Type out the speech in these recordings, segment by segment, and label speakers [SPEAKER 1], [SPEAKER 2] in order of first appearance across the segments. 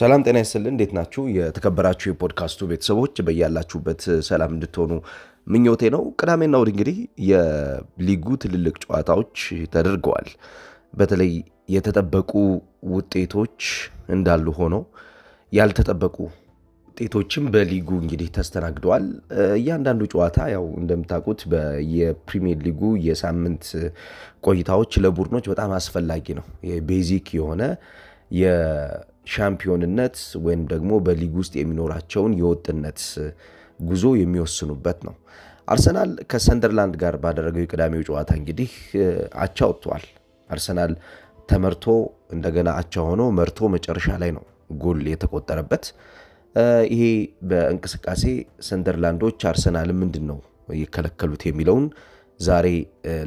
[SPEAKER 1] ሰላም ጤና ይስጥልን። እንዴት ናችሁ? የተከበራችሁ የፖድካስቱ ቤተሰቦች በያላችሁበት ሰላም እንድትሆኑ ምኞቴ ነው። ቅዳሜና እሁድ እንግዲህ የሊጉ ትልልቅ ጨዋታዎች ተደርገዋል። በተለይ የተጠበቁ ውጤቶች እንዳሉ ሆኖ ያልተጠበቁ ውጤቶችም በሊጉ እንግዲህ ተስተናግደዋል። እያንዳንዱ ጨዋታ ያው እንደምታውቁት የፕሪሚየር ሊጉ የሳምንት ቆይታዎች ለቡድኖች በጣም አስፈላጊ ነው። ቤዚክ የሆነ ሻምፒዮንነት ወይም ደግሞ በሊግ ውስጥ የሚኖራቸውን የወጥነት ጉዞ የሚወስኑበት ነው። አርሰናል ከሰንደርላንድ ጋር ባደረገው የቅዳሜው ጨዋታ እንግዲህ አቻ ወጥቷል። አርሰናል ተመርቶ እንደገና አቻ ሆኖ መርቶ መጨረሻ ላይ ነው ጎል የተቆጠረበት። ይሄ በእንቅስቃሴ ሰንደርላንዶች አርሰናል ምንድን ነው የከለከሉት የሚለውን ዛሬ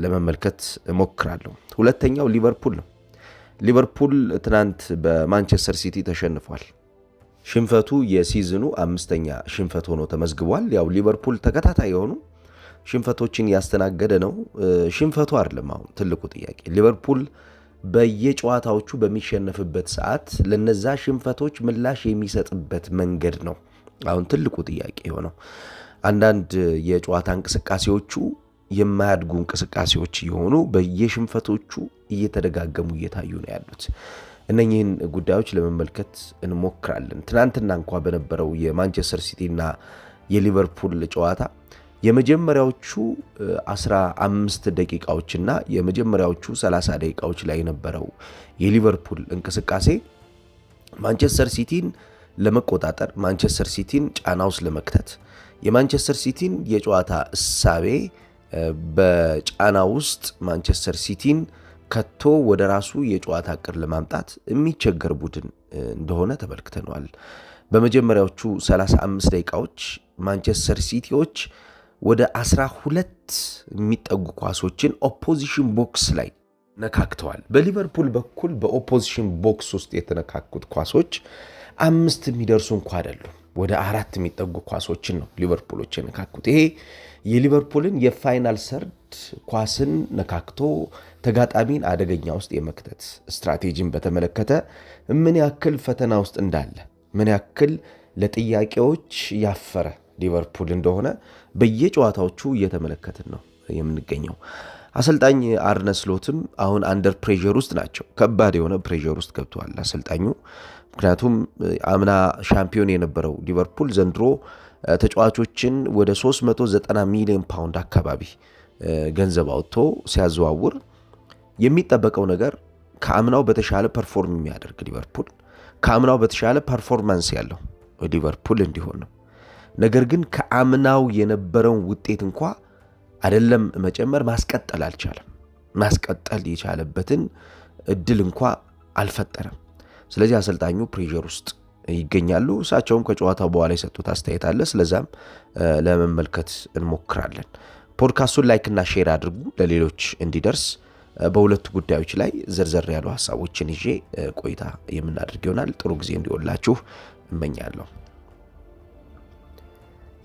[SPEAKER 1] ለመመልከት እሞክራለሁ። ሁለተኛው ሊቨርፑል ነው። ሊቨርፑል ትናንት በማንቸስተር ሲቲ ተሸንፏል። ሽንፈቱ የሲዝኑ አምስተኛ ሽንፈት ሆኖ ተመዝግቧል። ያው ሊቨርፑል ተከታታይ የሆኑ ሽንፈቶችን ያስተናገደ ነው። ሽንፈቱ አይደለም አሁን ትልቁ ጥያቄ። ሊቨርፑል በየጨዋታዎቹ በሚሸነፍበት ሰዓት ለነዛ ሽንፈቶች ምላሽ የሚሰጥበት መንገድ ነው አሁን ትልቁ ጥያቄ የሆነው። አንዳንድ የጨዋታ እንቅስቃሴዎቹ የማያድጉ እንቅስቃሴዎች የሆኑ በየሽንፈቶቹ እየተደጋገሙ እየታዩ ነው ያሉት። እነኚህን ጉዳዮች ለመመልከት እንሞክራለን። ትናንትና እንኳ በነበረው የማንቸስተር ሲቲና የሊቨርፑል ጨዋታ የመጀመሪያዎቹ 15 ደቂቃዎችና የመጀመሪያዎቹ 30 ደቂቃዎች ላይ የነበረው የሊቨርፑል እንቅስቃሴ ማንቸስተር ሲቲን ለመቆጣጠር ማንቸስተር ሲቲን ጫና ውስጥ ለመክተት የማንቸስተር ሲቲን የጨዋታ እሳቤ በጫና ውስጥ ማንቸስተር ሲቲን ከቶ ወደ ራሱ የጨዋታ እቅድ ለማምጣት የሚቸገር ቡድን እንደሆነ ተመልክተነዋል። በመጀመሪያዎቹ 35 ደቂቃዎች ማንቸስተር ሲቲዎች ወደ 12 የሚጠጉ ኳሶችን ኦፖዚሽን ቦክስ ላይ ነካክተዋል። በሊቨርፑል በኩል በኦፖዚሽን ቦክስ ውስጥ የተነካኩት ኳሶች አምስት የሚደርሱ እንኳ አይደሉም። ወደ አራት የሚጠጉ ኳሶችን ነው ሊቨርፑሎች የነካኩት። ይሄ የሊቨርፑልን የፋይናል ሰርድ ኳስን ነካክቶ ተጋጣሚን አደገኛ ውስጥ የመክተት ስትራቴጂን በተመለከተ ምን ያክል ፈተና ውስጥ እንዳለ ምን ያክል ለጥያቄዎች ያፈረ ሊቨርፑል እንደሆነ በየጨዋታዎቹ እየተመለከትን ነው የምንገኘው። አሰልጣኝ አርነስሎትም አሁን አንደር ፕሬዠር ውስጥ ናቸው። ከባድ የሆነ ፕሬዠር ውስጥ ገብተዋል አሰልጣኙ። ምክንያቱም አምና ሻምፒዮን የነበረው ሊቨርፑል ዘንድሮ ተጫዋቾችን ወደ 390 ሚሊዮን ፓውንድ አካባቢ ገንዘብ አውጥቶ ሲያዘዋውር የሚጠበቀው ነገር ከአምናው በተሻለ ፐርፎርም የሚያደርግ ሊቨርፑል ከአምናው በተሻለ ፐርፎርማንስ ያለው ሊቨርፑል እንዲሆን ነው። ነገር ግን ከአምናው የነበረውን ውጤት እንኳ አይደለም መጨመር ማስቀጠል አልቻለም። ማስቀጠል የቻለበትን እድል እንኳ አልፈጠረም። ስለዚህ አሰልጣኙ ፕሬዠር ውስጥ ይገኛሉ። እሳቸውም ከጨዋታው በኋላ የሰጡት አስተያየት አለ። ስለዛም ለመመልከት እንሞክራለን። ፖድካስቱን ላይክና ሼር አድርጉ ለሌሎች እንዲደርስ በሁለቱ ጉዳዮች ላይ ዘርዘር ያሉ ሀሳቦችን ይዤ ቆይታ የምናደርግ ይሆናል። ጥሩ ጊዜ እንዲሆንላችሁ እመኛለሁ።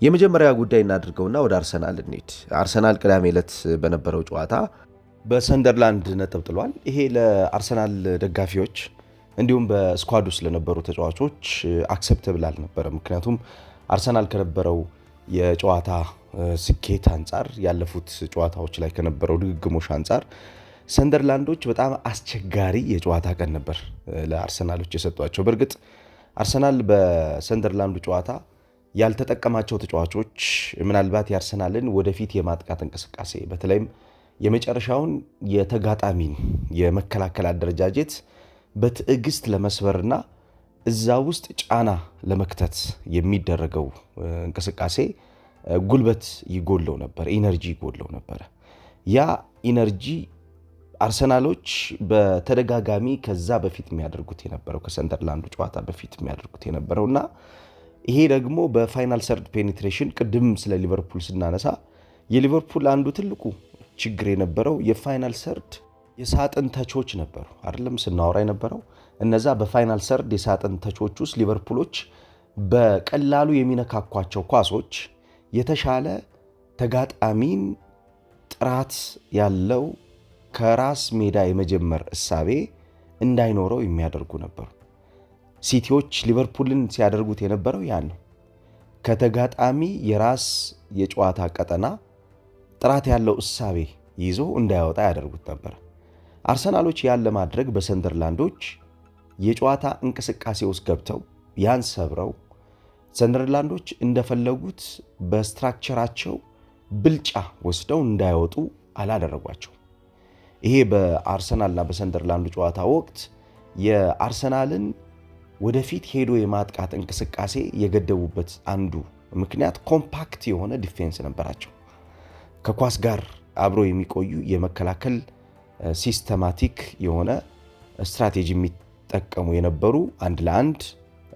[SPEAKER 1] የመጀመሪያ ጉዳይ እናድርገውና ወደ አርሰናል እንሂድ። አርሰናል ቅዳሜ ዕለት በነበረው ጨዋታ በሰንደርላንድ ነጥብ ጥሏል። ይሄ ለአርሰናል ደጋፊዎች እንዲሁም በስኳድ ውስጥ ለነበሩ ተጫዋቾች አክሰፕተብል አልነበረ። ምክንያቱም አርሰናል ከነበረው የጨዋታ ስኬት አንጻር ያለፉት ጨዋታዎች ላይ ከነበረው ድግግሞሽ አንጻር ሰንደርላንዶች በጣም አስቸጋሪ የጨዋታ ቀን ነበር ለአርሰናሎች የሰጧቸው። በእርግጥ አርሰናል በሰንደርላንዱ ጨዋታ ያልተጠቀማቸው ተጫዋቾች ምናልባት የአርሰናልን ወደፊት የማጥቃት እንቅስቃሴ በተለይም የመጨረሻውን የተጋጣሚን የመከላከል አደረጃጀት በትዕግስት ለመስበርና እዛ ውስጥ ጫና ለመክተት የሚደረገው እንቅስቃሴ ጉልበት ይጎለው ነበር፣ ኢነርጂ ይጎለው ነበረ። ያ ኢነርጂ አርሰናሎች በተደጋጋሚ ከዛ በፊት የሚያደርጉት የነበረው ከሰንደርላንዱ ጨዋታ በፊት የሚያደርጉት የነበረው እና ይሄ ደግሞ በፋይናል ሰርድ ፔኔትሬሽን ቅድም ስለ ሊቨርፑል ስናነሳ የሊቨርፑል አንዱ ትልቁ ችግር የነበረው የፋይናል ሰርድ የሳጥን ተቾች ነበሩ፣ አይደለም ስናወራ የነበረው እነዛ በፋይናል ሰርድ የሳጥን ተቾች ውስጥ ሊቨርፑሎች በቀላሉ የሚነካኳቸው ኳሶች የተሻለ ተጋጣሚን ጥራት ያለው ከራስ ሜዳ የመጀመር እሳቤ እንዳይኖረው የሚያደርጉ ነበሩ። ሲቲዎች ሊቨርፑልን ሲያደርጉት የነበረው ያን ነው። ከተጋጣሚ የራስ የጨዋታ ቀጠና ጥራት ያለው እሳቤ ይዞ እንዳይወጣ ያደርጉት ነበር። አርሰናሎች ያን ለማድረግ በሰንደርላንዶች የጨዋታ እንቅስቃሴ ውስጥ ገብተው ያን ሰብረው ሰንደርላንዶች እንደፈለጉት በስትራክቸራቸው ብልጫ ወስደው እንዳይወጡ አላደረጓቸው። ይሄ በአርሰናልና በሰንደርላንዱ ጨዋታ ወቅት የአርሰናልን ወደፊት ሄዶ የማጥቃት እንቅስቃሴ የገደቡበት አንዱ ምክንያት ኮምፓክት የሆነ ዲፌንስ ነበራቸው። ከኳስ ጋር አብሮ የሚቆዩ የመከላከል ሲስተማቲክ የሆነ ስትራቴጂ የሚጠቀሙ የነበሩ አንድ ለአንድ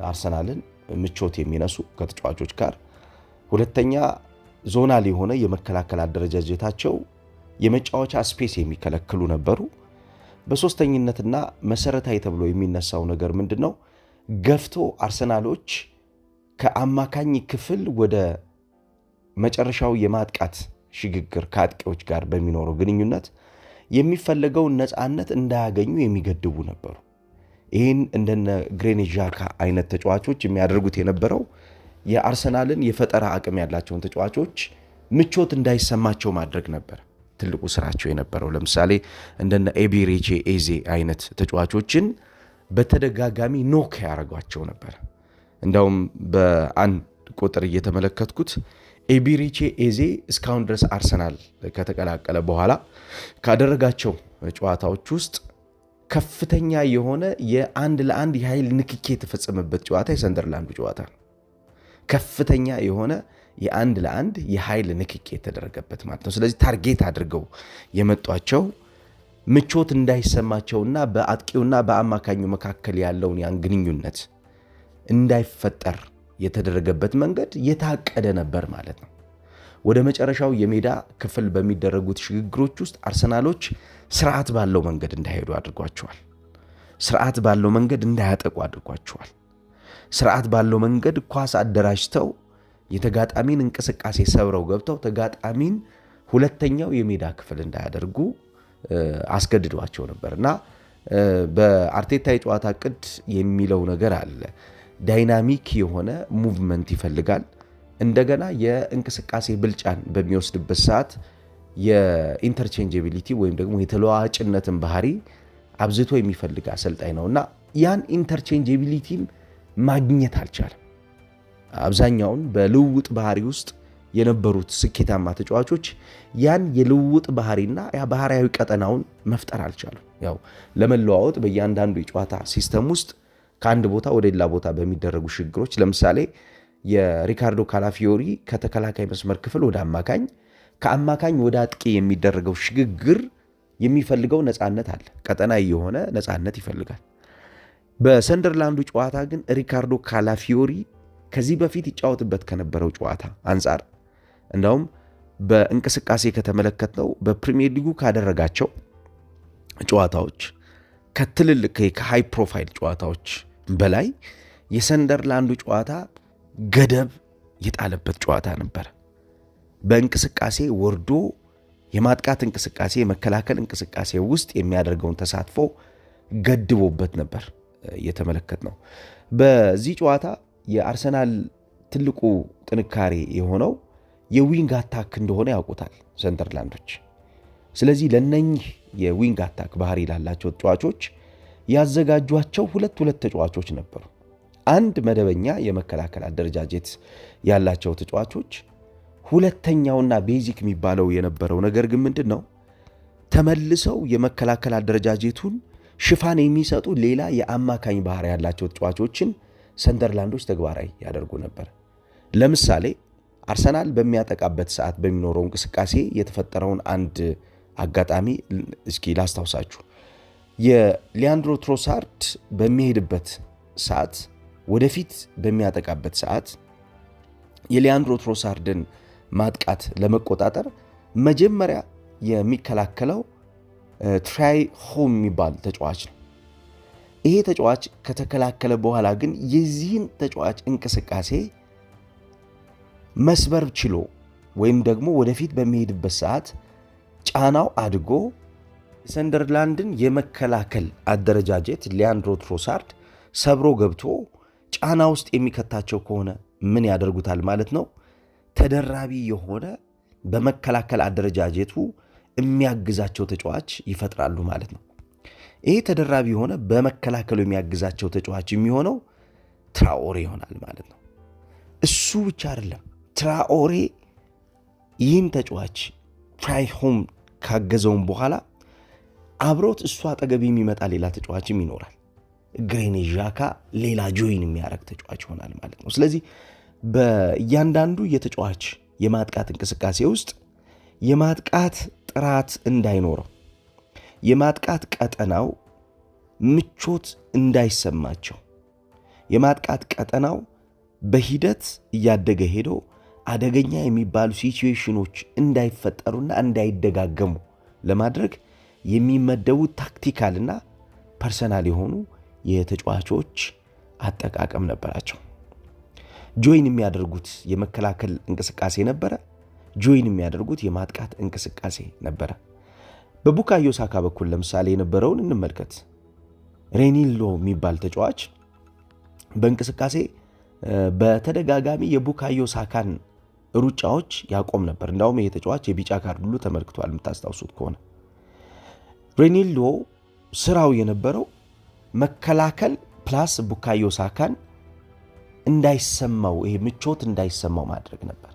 [SPEAKER 1] አርሰናልን ምቾት የሚነሱ ከተጫዋቾች ጋር ሁለተኛ ዞናል የሆነ የመከላከል አደረጃጀታቸው የመጫወቻ ስፔስ የሚከለክሉ ነበሩ። በሶስተኝነትና መሰረታዊ ተብሎ የሚነሳው ነገር ምንድን ነው? ገፍቶ አርሰናሎች ከአማካኝ ክፍል ወደ መጨረሻው የማጥቃት ሽግግር ከአጥቂዎች ጋር በሚኖረው ግንኙነት የሚፈለገውን ነፃነት እንዳያገኙ የሚገድቡ ነበሩ። ይህን እንደነ ግሬኒት ዣካ አይነት ተጫዋቾች የሚያደርጉት የነበረው የአርሰናልን የፈጠራ አቅም ያላቸውን ተጫዋቾች ምቾት እንዳይሰማቸው ማድረግ ነበር። ትልቁ ስራቸው የነበረው። ለምሳሌ እንደነ ኤቢሬቼ ኤዜ አይነት ተጫዋቾችን በተደጋጋሚ ኖክ ያደረጓቸው ነበር። እንዲያውም በአንድ ቁጥር እየተመለከትኩት ኤቢሬቼ ኤዜ እስካሁን ድረስ አርሰናል ከተቀላቀለ በኋላ ካደረጋቸው ጨዋታዎች ውስጥ ከፍተኛ የሆነ የአንድ ለአንድ የኃይል ንክኬ የተፈጸመበት ጨዋታ የሰንደርላንዱ ጨዋታ ከፍተኛ የሆነ የአንድ ለአንድ የኃይል ንክኬ የተደረገበት ማለት ነው። ስለዚህ ታርጌት አድርገው የመጧቸው ምቾት እንዳይሰማቸውና በአጥቂውና በአማካኙ መካከል ያለውን ያን ግንኙነት እንዳይፈጠር የተደረገበት መንገድ የታቀደ ነበር ማለት ነው። ወደ መጨረሻው የሜዳ ክፍል በሚደረጉት ሽግግሮች ውስጥ አርሰናሎች ስርዓት ባለው መንገድ እንዳይሄዱ አድርጓቸዋል። ስርዓት ባለው መንገድ እንዳያጠቁ አድርጓቸዋል። ስርዓት ባለው መንገድ ኳስ አደራጅተው የተጋጣሚን እንቅስቃሴ ሰብረው ገብተው ተጋጣሚን ሁለተኛው የሜዳ ክፍል እንዳያደርጉ አስገድዷቸው ነበር እና በአርቴታ የጨዋታ እቅድ የሚለው ነገር አለ። ዳይናሚክ የሆነ ሙቭመንት ይፈልጋል። እንደገና የእንቅስቃሴ ብልጫን በሚወስድበት ሰዓት የኢንተርቼንጀቢሊቲ ወይም ደግሞ የተለዋዋጭነትን ባህሪ አብዝቶ የሚፈልግ አሰልጣኝ ነው እና ያን ኢንተርቼንጀቢሊቲም ማግኘት አልቻለም። አብዛኛውን በልውውጥ ባህሪ ውስጥ የነበሩት ስኬታማ ተጫዋቾች ያን የልውውጥ ባህሪና ያ ባህሪያዊ ቀጠናውን መፍጠር አልቻሉም። ያው ለመለዋወጥ በእያንዳንዱ የጨዋታ ሲስተም ውስጥ ከአንድ ቦታ ወደ ሌላ ቦታ በሚደረጉ ሽግግሮች ለምሳሌ የሪካርዶ ካላፊዮሪ ከተከላካይ መስመር ክፍል ወደ አማካኝ፣ ከአማካኝ ወደ አጥቂ የሚደረገው ሽግግር የሚፈልገው ነፃነት አለ። ቀጠና የሆነ ነፃነት ይፈልጋል። በሰንደርላንዱ ጨዋታ ግን ሪካርዶ ካላፊዮሪ ከዚህ በፊት ይጫወትበት ከነበረው ጨዋታ አንጻር እንዳውም በእንቅስቃሴ ከተመለከትነው በፕሪሚየር ሊጉ ካደረጋቸው ጨዋታዎች ከትልልቅ ከሃይ ፕሮፋይል ጨዋታዎች በላይ የሰንደርላንዱ ጨዋታ ገደብ የጣለበት ጨዋታ ነበር። በእንቅስቃሴ ወርዶ የማጥቃት እንቅስቃሴ፣ የመከላከል እንቅስቃሴ ውስጥ የሚያደርገውን ተሳትፎ ገድቦበት ነበር እየተመለከት ነው። በዚህ ጨዋታ የአርሰናል ትልቁ ጥንካሬ የሆነው የዊንግ አታክ እንደሆነ ያውቁታል ሰንደርላንዶች። ስለዚህ ለነኚህ የዊንግ አታክ ባህሪ ላላቸው ተጫዋቾች ያዘጋጇቸው ሁለት ሁለት ተጫዋቾች ነበሩ። አንድ መደበኛ የመከላከል አደረጃጀት ያላቸው ተጫዋቾች፣ ሁለተኛውና ቤዚክ የሚባለው የነበረው ነገር ግን ምንድን ነው ተመልሰው የመከላከል አደረጃጀቱን ሽፋን የሚሰጡ ሌላ የአማካኝ ባህሪ ያላቸው ተጫዋቾችን ሰንደርላንዶች ተግባራዊ ያደርጉ ነበር። ለምሳሌ አርሰናል በሚያጠቃበት ሰዓት በሚኖረው እንቅስቃሴ የተፈጠረውን አንድ አጋጣሚ እስኪ ላስታውሳችሁ። የሊያንድሮ ትሮሳርድ በሚሄድበት ሰዓት ወደፊት በሚያጠቃበት ሰዓት የሊያንድሮ ትሮሳርድን ማጥቃት ለመቆጣጠር መጀመሪያ የሚከላከለው ትራይ ሆም የሚባል ተጫዋች ነው። ይሄ ተጫዋች ከተከላከለ በኋላ ግን የዚህን ተጫዋች እንቅስቃሴ መስበር ችሎ ወይም ደግሞ ወደፊት በሚሄድበት ሰዓት ጫናው አድጎ የሰንደርላንድን የመከላከል አደረጃጀት ሊያንድሮ ትሮሳርድ ሰብሮ ገብቶ ጫና ውስጥ የሚከታቸው ከሆነ ምን ያደርጉታል ማለት ነው? ተደራቢ የሆነ በመከላከል አደረጃጀቱ የሚያግዛቸው ተጫዋች ይፈጥራሉ ማለት ነው። ይሄ ተደራቢ የሆነ በመከላከሉ የሚያግዛቸው ተጫዋች የሚሆነው ትራኦሬ ይሆናል ማለት ነው። እሱ ብቻ አይደለም፣ ትራኦሬ ይህን ተጫዋች ትራይሆም ካገዘውም በኋላ አብሮት እሱ አጠገብ የሚመጣ ሌላ ተጫዋችም ይኖራል። ግሬኔ ዣካ ሌላ ጆይን የሚያደርግ ተጫዋች ይሆናል ማለት ነው። ስለዚህ በእያንዳንዱ የተጫዋች የማጥቃት እንቅስቃሴ ውስጥ የማጥቃት ጥራት እንዳይኖረው የማጥቃት ቀጠናው ምቾት እንዳይሰማቸው የማጥቃት ቀጠናው በሂደት እያደገ ሄዶ አደገኛ የሚባሉ ሲቹዌሽኖች እንዳይፈጠሩና እንዳይደጋገሙ ለማድረግ የሚመደቡ ታክቲካልና ፐርሰናል የሆኑ የተጫዋቾች አጠቃቀም ነበራቸው። ጆይን የሚያደርጉት የመከላከል እንቅስቃሴ ነበረ። ጆይን የሚያደርጉት የማጥቃት እንቅስቃሴ ነበረ። በቡካዮ ሳካ በኩል ለምሳሌ የነበረውን እንመልከት። ሬኒሎ የሚባል ተጫዋች በእንቅስቃሴ በተደጋጋሚ የቡካዮ ሳካን ሩጫዎች ያቆም ነበር። እንዳውም ይሄ ተጫዋች የቢጫ ካርድ ሁሉ ተመልክቷል፣ የምታስታውሱት ከሆነ ሬኒሎ ስራው የነበረው መከላከል ፕላስ ቡካዮ ሳካን እንዳይሰማው ይሄ ምቾት እንዳይሰማው ማድረግ ነበር።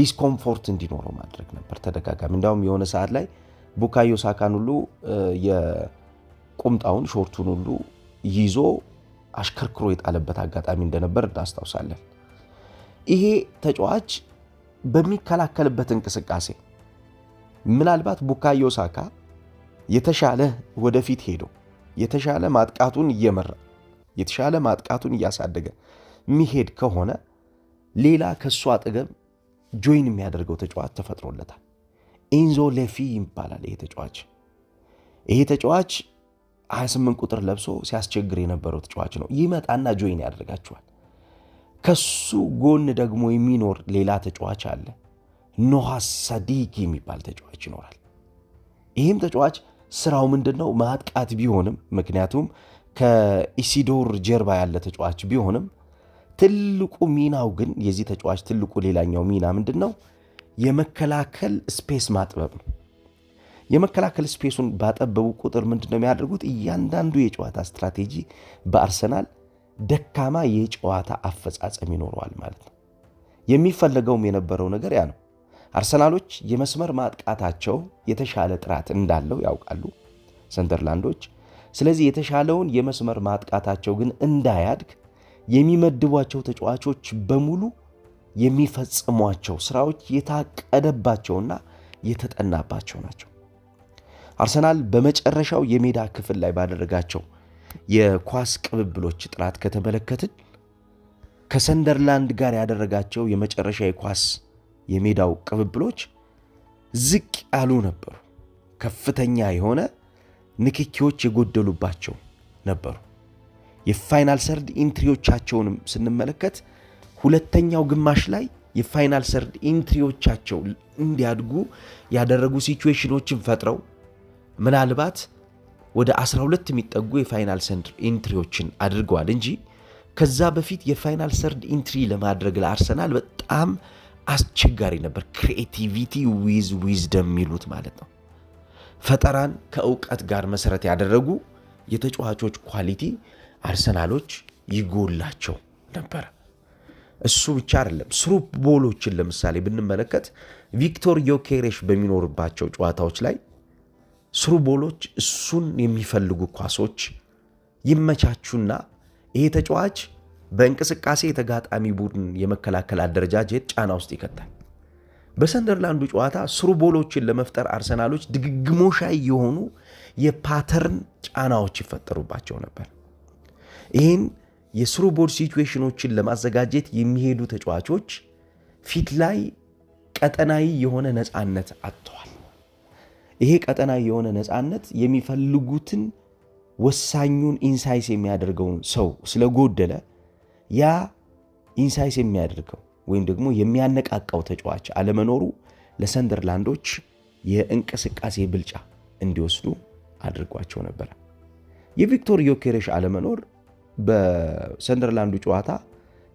[SPEAKER 1] ዲስኮምፎርት እንዲኖረው ማድረግ ነበር ተደጋጋሚ። እንዳውም የሆነ ሰዓት ላይ ቡካዮ ሳካን ሁሉ የቁምጣውን ሾርቱን ሁሉ ይዞ አሽከርክሮ የጣለበት አጋጣሚ እንደነበር እናስታውሳለን። ይሄ ተጫዋች በሚከላከልበት እንቅስቃሴ ምናልባት ቡካዮ ሳካ የተሻለ ወደፊት ሄዶ የተሻለ ማጥቃቱን እየመራ የተሻለ ማጥቃቱን እያሳደገ ሚሄድ ከሆነ ሌላ ከእሱ አጠገብ ጆይን የሚያደርገው ተጫዋች ተፈጥሮለታል። ኢንዞ ሌፊ ይባላል ይሄ ተጫዋች። ይሄ ተጫዋች 28 ቁጥር ለብሶ ሲያስቸግር የነበረው ተጫዋች ነው። ይመጣና ጆይን ያደርጋቸዋል። ከሱ ጎን ደግሞ የሚኖር ሌላ ተጫዋች አለ። ኖሃ ሳዲቂ የሚባል ተጫዋች ይኖራል። ይህም ተጫዋች ስራው ምንድን ነው? ማጥቃት ቢሆንም ምክንያቱም ከኢሲዶር ጀርባ ያለ ተጫዋች ቢሆንም ትልቁ ሚናው ግን የዚህ ተጫዋች ትልቁ ሌላኛው ሚና ምንድን ነው? የመከላከል ስፔስ ማጥበብ ነው። የመከላከል ስፔሱን ባጠበቡ ቁጥር ምንድን ነው የሚያደርጉት? እያንዳንዱ የጨዋታ ስትራቴጂ በአርሰናል ደካማ የጨዋታ አፈጻጸም ይኖረዋል ማለት ነው። የሚፈለገውም የነበረው ነገር ያ ነው። አርሰናሎች የመስመር ማጥቃታቸው የተሻለ ጥራት እንዳለው ያውቃሉ ሰንደርላንዶች። ስለዚህ የተሻለውን የመስመር ማጥቃታቸው ግን እንዳያድግ የሚመድቧቸው ተጫዋቾች በሙሉ የሚፈጽሟቸው ስራዎች የታቀደባቸውና የተጠናባቸው ናቸው። አርሰናል በመጨረሻው የሜዳ ክፍል ላይ ባደረጋቸው የኳስ ቅብብሎች ጥራት ከተመለከትን ከሰንደርላንድ ጋር ያደረጋቸው የመጨረሻ የኳስ የሜዳው ቅብብሎች ዝቅ ያሉ ነበሩ። ከፍተኛ የሆነ ንክኪዎች የጎደሉባቸው ነበሩ። የፋይናል ሰርድ ኢንትሪዎቻቸውንም ስንመለከት ሁለተኛው ግማሽ ላይ የፋይናል ሰርድ ኢንትሪዎቻቸው እንዲያድጉ ያደረጉ ሲቹዌሽኖችን ፈጥረው ምናልባት ወደ 12 የሚጠጉ የፋይናል ሰርድ ኢንትሪዎችን አድርገዋል እንጂ ከዛ በፊት የፋይናል ሰርድ ኢንትሪ ለማድረግ ለአርሰናል በጣም አስቸጋሪ ነበር። ክሪኤቲቪቲ ዊዝ ዊዝደም የሚሉት ማለት ነው። ፈጠራን ከእውቀት ጋር መሰረት ያደረጉ የተጫዋቾች ኳሊቲ አርሰናሎች ይጎላቸው ነበር። እሱ ብቻ አይደለም። ስሩ ቦሎችን ለምሳሌ ብንመለከት ቪክቶር ዮኬሬሽ በሚኖርባቸው ጨዋታዎች ላይ ስሩ ቦሎች እሱን የሚፈልጉ ኳሶች ይመቻቹና ይሄ ተጫዋች በእንቅስቃሴ የተጋጣሚ ቡድን የመከላከል አደረጃጀት ጫና ውስጥ ይከታል። በሰንደርላንዱ ጨዋታ ስሩ ቦሎችን ለመፍጠር አርሰናሎች ድግግሞሻይ የሆኑ የፓተርን ጫናዎች ይፈጠሩባቸው ነበር። ይህን የስሩ ቦርድ ሲትዌሽኖችን ለማዘጋጀት የሚሄዱ ተጫዋቾች ፊት ላይ ቀጠናዊ የሆነ ነፃነት አጥተዋል። ይሄ ቀጠናዊ የሆነ ነፃነት የሚፈልጉትን ወሳኙን ኢንሳይስ የሚያደርገውን ሰው ስለጎደለ ያ ኢንሳይስ የሚያደርገው ወይም ደግሞ የሚያነቃቃው ተጫዋች አለመኖሩ ለሰንደርላንዶች የእንቅስቃሴ ብልጫ እንዲወስዱ አድርጓቸው ነበረ። የቪክቶር ዮኬሬሽ አለመኖር በሰንደርላንዱ ጨዋታ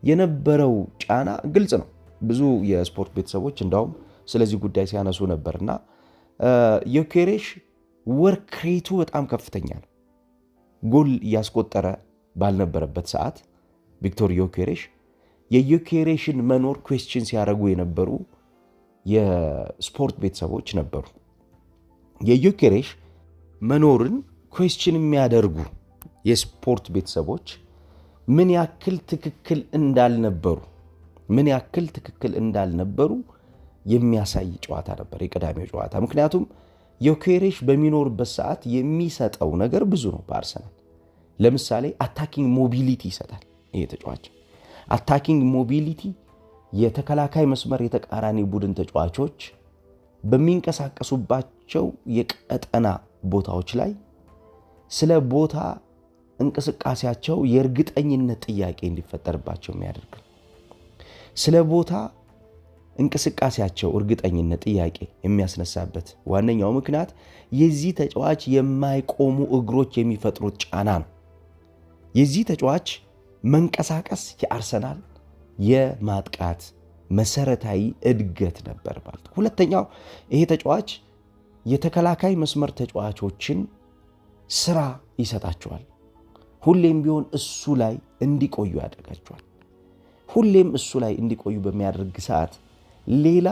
[SPEAKER 1] የነበረው ጫና ግልጽ ነው። ብዙ የስፖርት ቤተሰቦች እንዳውም ስለዚህ ጉዳይ ሲያነሱ ነበርና ዮኬሬሽ ወርክ ሬቱ በጣም ከፍተኛ ነው። ጎል እያስቆጠረ ባልነበረበት ሰዓት ቪክቶር ዮኬሬሽ የዮኬሬሽን መኖር ኩዌስችን ሲያደርጉ የነበሩ የስፖርት ቤተሰቦች ነበሩ። የዮኬሬሽ መኖርን ኩዌስችን የሚያደርጉ የስፖርት ቤተሰቦች ምን ያክል ትክክል እንዳልነበሩ ምን ያክል ትክክል እንዳልነበሩ የሚያሳይ ጨዋታ ነበር የቅዳሜው ጨዋታ። ምክንያቱም ዮኬሬሽ በሚኖርበት ሰዓት የሚሰጠው ነገር ብዙ ነው። በአርሰናል ለምሳሌ አታኪንግ ሞቢሊቲ ይሰጣል። ይሄ ተጫዋች አታኪንግ ሞቢሊቲ የተከላካይ መስመር የተቃራኒ ቡድን ተጫዋቾች በሚንቀሳቀሱባቸው የቀጠና ቦታዎች ላይ ስለ ቦታ እንቅስቃሴያቸው የእርግጠኝነት ጥያቄ እንዲፈጠርባቸው የሚያደርግ ስለ ቦታ እንቅስቃሴያቸው እርግጠኝነት ጥያቄ የሚያስነሳበት ዋነኛው ምክንያት የዚህ ተጫዋች የማይቆሙ እግሮች የሚፈጥሩት ጫና ነው። የዚህ ተጫዋች መንቀሳቀስ የአርሰናል የማጥቃት መሰረታዊ እድገት ነበር ማለት ሁለተኛው ይሄ ተጫዋች የተከላካይ መስመር ተጫዋቾችን ስራ ይሰጣቸዋል። ሁሌም ቢሆን እሱ ላይ እንዲቆዩ ያደርጋቸዋል። ሁሌም እሱ ላይ እንዲቆዩ በሚያደርግ ሰዓት ሌላ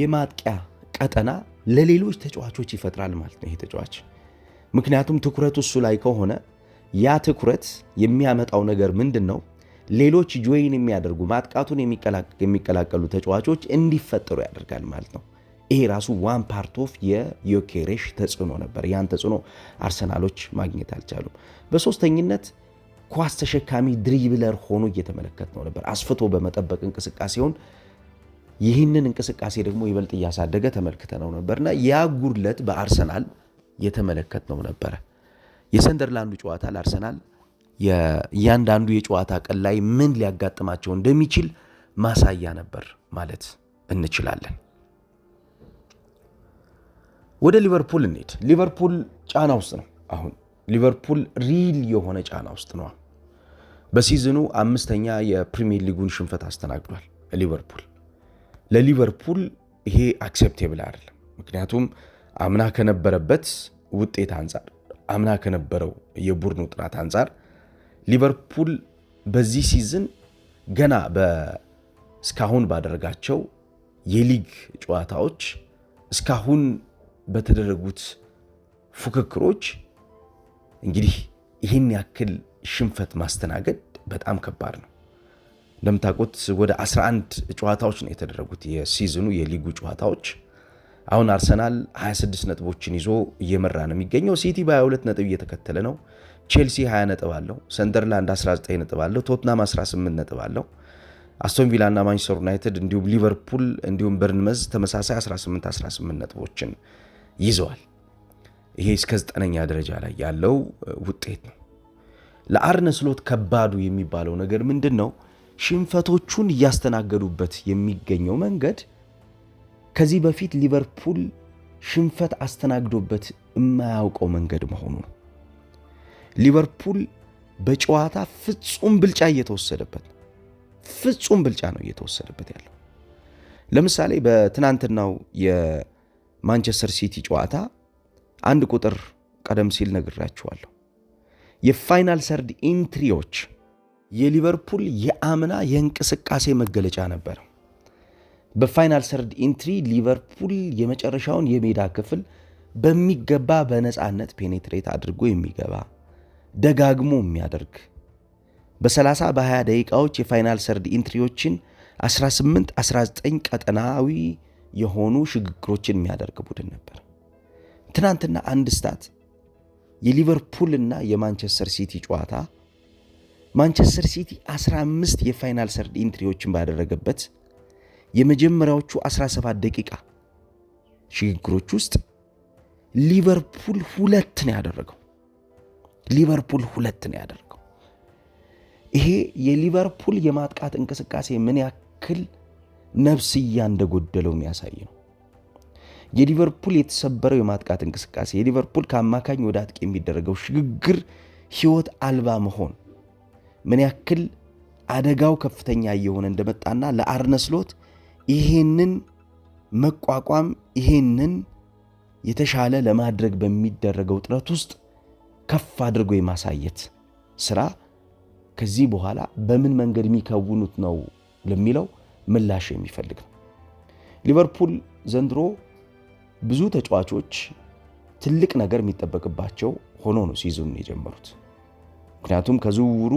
[SPEAKER 1] የማጥቂያ ቀጠና ለሌሎች ተጫዋቾች ይፈጥራል ማለት ነው ይሄ ተጫዋች። ምክንያቱም ትኩረቱ እሱ ላይ ከሆነ ያ ትኩረት የሚያመጣው ነገር ምንድን ነው? ሌሎች ጆይን የሚያደርጉ ማጥቃቱን የሚቀላቀሉ ተጫዋቾች እንዲፈጠሩ ያደርጋል ማለት ነው። ይሄ ራሱ ዋን ፓርት ኦፍ የዮኬሬሽ ተጽዕኖ ነበር። ያን ተጽዕኖ አርሰናሎች ማግኘት አልቻሉም። በሶስተኝነት ኳስ ተሸካሚ ድሪብለር ሆኖ እየተመለከት ነው ነበር አስፍቶ በመጠበቅ እንቅስቃሴውን ይህንን እንቅስቃሴ ደግሞ ይበልጥ እያሳደገ ተመልክተነው ነበርና ያ ጉድለት በአርሰናል ነው ነበረ። የሰንደርላንዱ ጨዋታ ለአርሰናል እያንዳንዱ የጨዋታ ቀን ላይ ምን ሊያጋጥማቸው እንደሚችል ማሳያ ነበር ማለት እንችላለን። ወደ ሊቨርፑል እንሄድ። ሊቨርፑል ጫና ውስጥ ነው አሁን። ሊቨርፑል ሪል የሆነ ጫና ውስጥ ነው። በሲዝኑ አምስተኛ የፕሪሚየር ሊጉን ሽንፈት አስተናግዷል ሊቨርፑል። ለሊቨርፑል ይሄ አክሴፕቴብል አይደለም። ምክንያቱም አምና ከነበረበት ውጤት አንጻር፣ አምና ከነበረው የቡድኑ ጥራት አንጻር ሊቨርፑል በዚህ ሲዝን ገና እስካሁን ባደረጋቸው የሊግ ጨዋታዎች እስካሁን በተደረጉት ፉክክሮች እንግዲህ ይህን ያክል ሽንፈት ማስተናገድ በጣም ከባድ ነው። እንደምታውቁት ወደ 11 ጨዋታዎች ነው የተደረጉት የሲዝኑ የሊጉ ጨዋታዎች። አሁን አርሰናል 26 ነጥቦችን ይዞ እየመራ ነው የሚገኘው። ሲቲ በ22 ነጥብ እየተከተለ ነው። ቼልሲ 20 ነጥብ አለው። ሰንደርላንድ 19 ነጥብ አለው። ቶትናም 18 ነጥብ አለው። አስቶን ቪላ ማንቸስተር ዩናይትድ እንዲሁም ሊቨርፑል እንዲሁም በርንመዝ ተመሳሳይ 18 18 ነጥቦችን ይዘዋል። ይሄ እስከ ዘጠነኛ ደረጃ ላይ ያለው ውጤት ነው። ለአርነ ስሎት ከባዱ የሚባለው ነገር ምንድን ነው? ሽንፈቶቹን እያስተናገዱበት የሚገኘው መንገድ ከዚህ በፊት ሊቨርፑል ሽንፈት አስተናግዶበት የማያውቀው መንገድ መሆኑ ነው። ሊቨርፑል በጨዋታ ፍጹም ብልጫ እየተወሰደበት ነው። ፍጹም ብልጫ ነው እየተወሰደበት ያለው። ለምሳሌ በትናንትናው ማንቸስተር ሲቲ ጨዋታ አንድ ቁጥር ቀደም ሲል ነግራችኋለሁ። የፋይናል ሰርድ ኢንትሪዎች የሊቨርፑል የአምና የእንቅስቃሴ መገለጫ ነበር። በፋይናል ሰርድ ኢንትሪ ሊቨርፑል የመጨረሻውን የሜዳ ክፍል በሚገባ በነፃነት ፔኔትሬት አድርጎ የሚገባ ደጋግሞ የሚያደርግ በ30 በ20 ደቂቃዎች የፋይናል ሰርድ ኢንትሪዎችን 18፣ 19 ቀጠናዊ የሆኑ ሽግግሮችን የሚያደርግ ቡድን ነበር። ትናንትና አንድ ስታት የሊቨርፑልና የማንቸስተር ሲቲ ጨዋታ ማንቸስተር ሲቲ 15 የፋይናል ሰርድ ኢንትሪዎችን ባደረገበት የመጀመሪያዎቹ 17 ደቂቃ ሽግግሮች ውስጥ ሊቨርፑል ሁለት ነው ያደረገው። ሊቨርፑል ሁለት ነው ያደረገው። ይሄ የሊቨርፑል የማጥቃት እንቅስቃሴ ምን ያክል ነፍስያ እንደጎደለው የሚያሳይ ነው። የሊቨርፑል የተሰበረው የማጥቃት እንቅስቃሴ፣ የሊቨርፑል ከአማካኝ ወደ አጥቂ የሚደረገው ሽግግር ህይወት አልባ መሆን ምን ያክል አደጋው ከፍተኛ እየሆነ እንደመጣና ለአርነስሎት ይሄንን መቋቋም ይሄንን የተሻለ ለማድረግ በሚደረገው ጥረት ውስጥ ከፍ አድርጎ የማሳየት ስራ ከዚህ በኋላ በምን መንገድ የሚከውኑት ነው ለሚለው ምላሽ የሚፈልግ ነው። ሊቨርፑል ዘንድሮ ብዙ ተጫዋቾች ትልቅ ነገር የሚጠበቅባቸው ሆኖ ነው ሲዝኑ የጀመሩት። ምክንያቱም ከዝውውሩ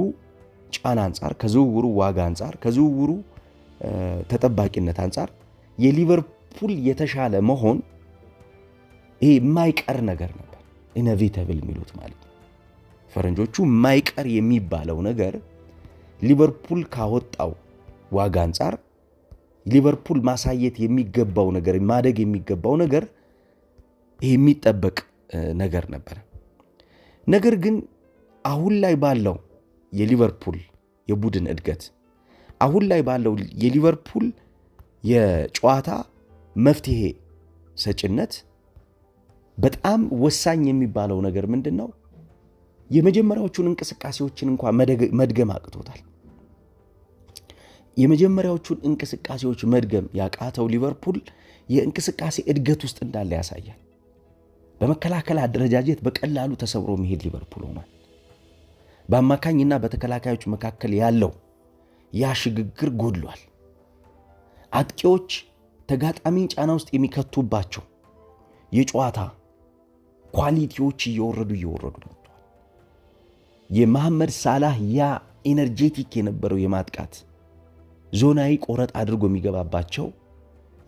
[SPEAKER 1] ጫና አንጻር፣ ከዝውውሩ ዋጋ አንጻር፣ ከዝውውሩ ተጠባቂነት አንጻር የሊቨርፑል የተሻለ መሆን ይሄ የማይቀር ነገር ነበር። ኢነቪተብል የሚሉት ማለት ነው ፈረንጆቹ። የማይቀር የሚባለው ነገር ሊቨርፑል ካወጣው ዋጋ አንጻር ሊቨርፑል ማሳየት የሚገባው ነገር ማደግ የሚገባው ነገር የሚጠበቅ ነገር ነበር። ነገር ግን አሁን ላይ ባለው የሊቨርፑል የቡድን እድገት አሁን ላይ ባለው የሊቨርፑል የጨዋታ መፍትሄ ሰጭነት በጣም ወሳኝ የሚባለው ነገር ምንድን ነው? የመጀመሪያዎቹን እንቅስቃሴዎችን እንኳ መድገም አቅቶታል። የመጀመሪያዎቹን እንቅስቃሴዎች መድገም ያቃተው ሊቨርፑል የእንቅስቃሴ እድገት ውስጥ እንዳለ ያሳያል። በመከላከል አደረጃጀት በቀላሉ ተሰብሮ መሄድ ሊቨርፑል ሆኗል። በአማካኝና በተከላካዮች መካከል ያለው ያ ሽግግር ጎድሏል። አጥቂዎች ተጋጣሚን ጫና ውስጥ የሚከቱባቸው የጨዋታ ኳሊቲዎች እየወረዱ እየወረዱ መጥተዋል። የመሐመድ ሳላህ ያ ኤነርጄቲክ የነበረው የማጥቃት ዞናዊ ቆረጥ አድርጎ የሚገባባቸው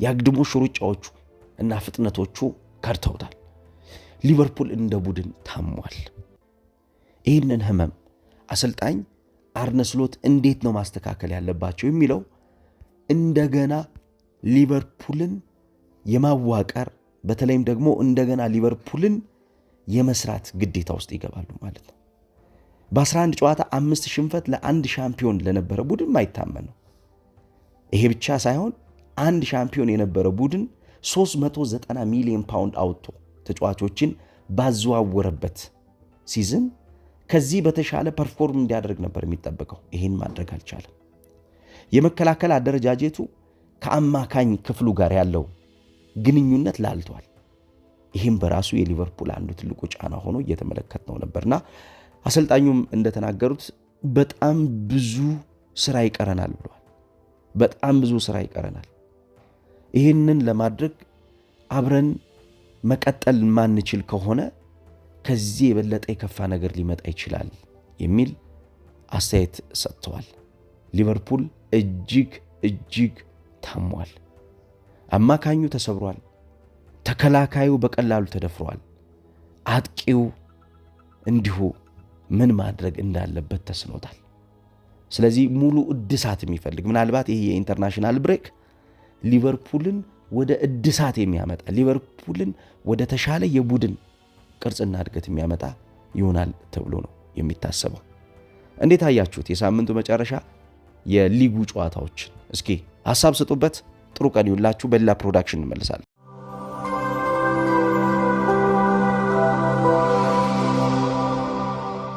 [SPEAKER 1] የአግድሞ ሩጫዎቹ እና ፍጥነቶቹ ከድተውታል። ሊቨርፑል እንደ ቡድን ታሟል። ይህንን ህመም አሰልጣኝ አርነ ስሎት እንዴት ነው ማስተካከል ያለባቸው የሚለው እንደገና ሊቨርፑልን የማዋቀር በተለይም ደግሞ እንደገና ሊቨርፑልን የመስራት ግዴታ ውስጥ ይገባሉ ማለት ነው። በ11 ጨዋታ አምስት ሽንፈት ለአንድ ሻምፒዮን ለነበረ ቡድን ማይታመን ነው። ይሄ ብቻ ሳይሆን አንድ ሻምፒዮን የነበረ ቡድን 390 ሚሊዮን ፓውንድ አውጥቶ ተጫዋቾችን ባዘዋወረበት ሲዝን ከዚህ በተሻለ ፐርፎርም እንዲያደርግ ነበር የሚጠበቀው። ይህን ማድረግ አልቻለም። የመከላከል አደረጃጀቱ ከአማካኝ ክፍሉ ጋር ያለው ግንኙነት ላልቷል። ይህም በራሱ የሊቨርፑል አንዱ ትልቁ ጫና ሆኖ እየተመለከትነው ነበርና አሰልጣኙም እንደተናገሩት በጣም ብዙ ስራ ይቀረናል ብሏል። በጣም ብዙ ስራ ይቀረናል። ይህንን ለማድረግ አብረን መቀጠል ማንችል ከሆነ ከዚህ የበለጠ የከፋ ነገር ሊመጣ ይችላል የሚል አስተያየት ሰጥተዋል። ሊቨርፑል እጅግ እጅግ ታሟል። አማካኙ ተሰብሯል። ተከላካዩ በቀላሉ ተደፍሯል። አጥቂው እንዲሁ ምን ማድረግ እንዳለበት ተስኖታል። ስለዚህ ሙሉ እድሳት የሚፈልግ ምናልባት ይሄ የኢንተርናሽናል ብሬክ ሊቨርፑልን ወደ እድሳት የሚያመጣ ሊቨርፑልን ወደ ተሻለ የቡድን ቅርጽና እድገት የሚያመጣ ይሆናል ተብሎ ነው የሚታሰበው። እንዴት አያችሁት? የሳምንቱ መጨረሻ የሊጉ ጨዋታዎችን እስኪ ሀሳብ ስጡበት። ጥሩ ቀን ይውላችሁ። በሌላ ፕሮዳክሽን እንመልሳለን።